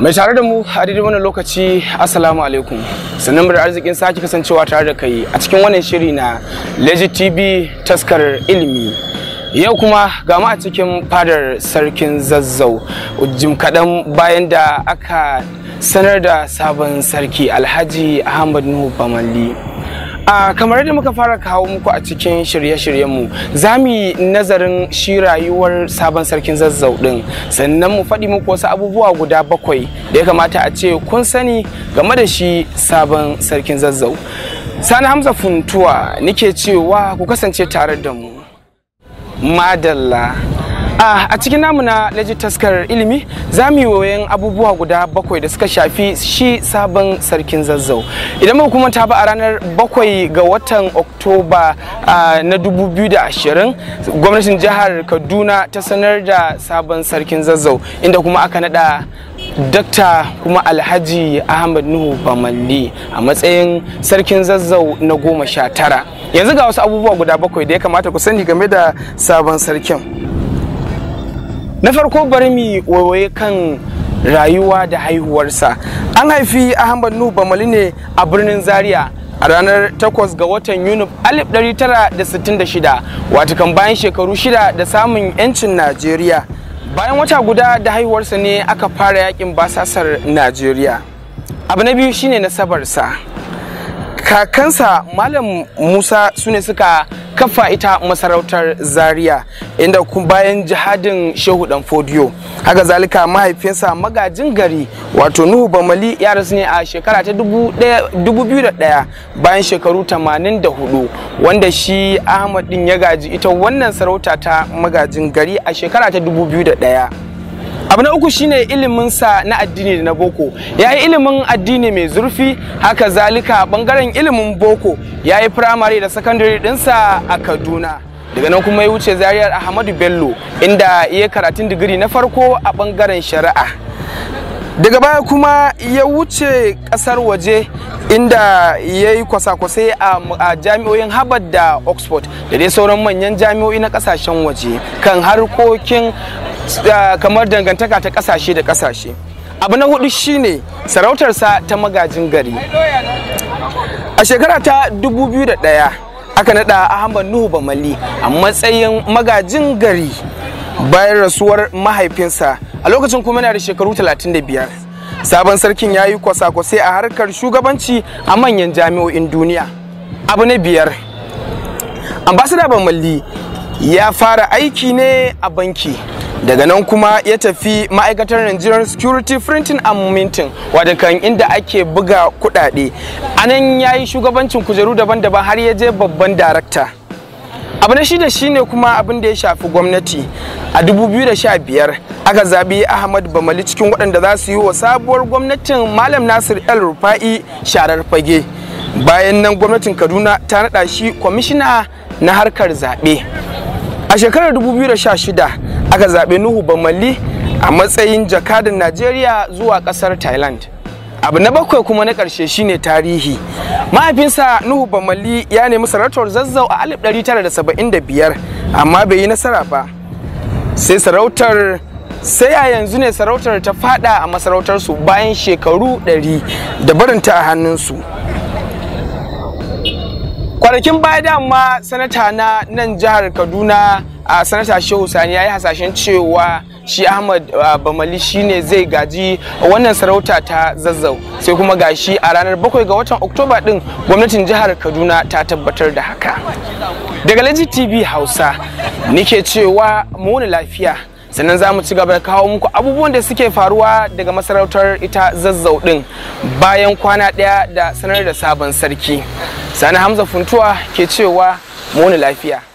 mai tare da mu a daidai wannan lokaci asalamu alaikum sannan da arzikin sake kasancewa tare da kai a cikin wannan shiri na legit tv taskar ilimi yau kuma ga a cikin fadar sarkin zazzau jim kaɗan bayan da aka sanar da sabon sarki alhaji ahmad nuhu bamalli Uh, kamar yadda muka fara kawo muku a cikin shirye-shiryenmu za mu yi nazarin shi rayuwar sabon sarkin zazzau din sannan mu faɗi muku wasu abubuwa guda bakwai da ya kamata a ce kun sani game da shi sabon sarkin zazzau sani hamza funtuwa nike cewa ku kasance tare da mu madalla Ah, a cikin namu na legit taskar ilimi za mu yi wayan abubuwa guda bakwai da suka shafi shi sabon sarkin zazzau idan mu kuma ta ba a ranar bakwai ga watan oktoba ah, na 2020 gwamnatin jihar kaduna ta sanar da sabon sarkin zazzau inda kuma aka nada dakta kuma alhaji ahmad nuhu bamalli a matsayin sarkin zazzau na goma sha tara yanzu ga wasu abubuwa guda bakwai da ya kamata ku sani game da sabon sarkin na farko bari mu wayoye kan rayuwa da haihuwarsa an haifi ahmad nuhu bamali ne a birnin zaria a ranar 8 ga watan yunif 1966 watakan bayan shekaru shida da samun yancin najeriya bayan wata guda da haihuwarsa ne aka fara yakin basasar najeriya abu na biyu shine nasabarsa kakansa malam musa su ne suka kafa ita masarautar zaria inda bayan jihadin shehu dan fodiyo haka zalika mahaifinsa magajin gari wato nuhu bamali ya rasu ne a shekara ta 2001 bayan shekaru 84 wanda shi ahmad din ya gaji ita wannan sarauta ta magajin gari a shekara ta 2001 abu na uku shine sa na addini da na boko ya yi ilimin addini mai zurfi haka zalika bangaren ilimin boko ya yi firamare da sakandare dinsa a kaduna daga nan kuma ya wuce zariyar ahmadu bello inda ya karatun digiri na farko a bangaren shari'a daga baya kuma ya wuce kasar waje inda ya yi kwasa-kwasai a jami'oyin harvard da oxford da dai sauran manyan jami'o'i na kasashen waje kan harkokin kamar dangantaka ta kasashe da kasashe abu na hudu shine sarautarsa ta magajin gari a shekara ta 2001 aka nada ahmad nuhu bamali a matsayin magajin gari bayan rasuwar mahaifinsa a lokacin kuma yana da shekaru 35 sabon sarkin ya yi kwasa-kwasai a harkar shugabanci a manyan jami'o'in duniya abu na biyar ambasada bamali ya fara aiki ne a banki daga nan kuma ya tafi ma'aikatar Nigerian Security Printing and Minting wadda kan inda ake buga kudade anan ya yi shugabancin kujeru daban-daban har ya je babban darakta abu na shida shine kuma abin da ya shafi gwamnati a 2015 aka zabi ahmad bamali cikin waɗanda za su yi wa sabuwar gwamnatin malam nasir el rufa'i sharar fage bayan nan gwamnatin kaduna ta naɗa shi kwamishina na harkar zaɓe a shekarar 2016 aka zaɓi nuhu bamalli a matsayin jakadan najeriya zuwa ƙasar thailand abu na bakwai kuma na ƙarshe shine tarihi mahaifinsa nuhu bamalli ya nemi sarautar zazzau a 1975 amma bai yi nasara ba sai sarautar sai a yanzu ne sarautar ta fada a masarautarsu bayan shekaru 100 da barinta a hannunsu kwanakin baya dama sanata na nan jihar kaduna a sanata shehu sani ya yi hasashen cewa shi ahmad uh, bamali ne zai gaji wannan sarauta ta zazzau sai kuma gashi a ranar 7 ga watan oktoba din gwamnatin jihar kaduna ta tabbatar da haka daga laji tv hausa nike cewa mu lafiya sannan za mu ci gaba da kawo muku abubuwan da suke faruwa daga masarautar ita zazzau din bayan kwana ɗaya da sanar da sabon sarki sani hamza funtuwa ke cewa mu lafiya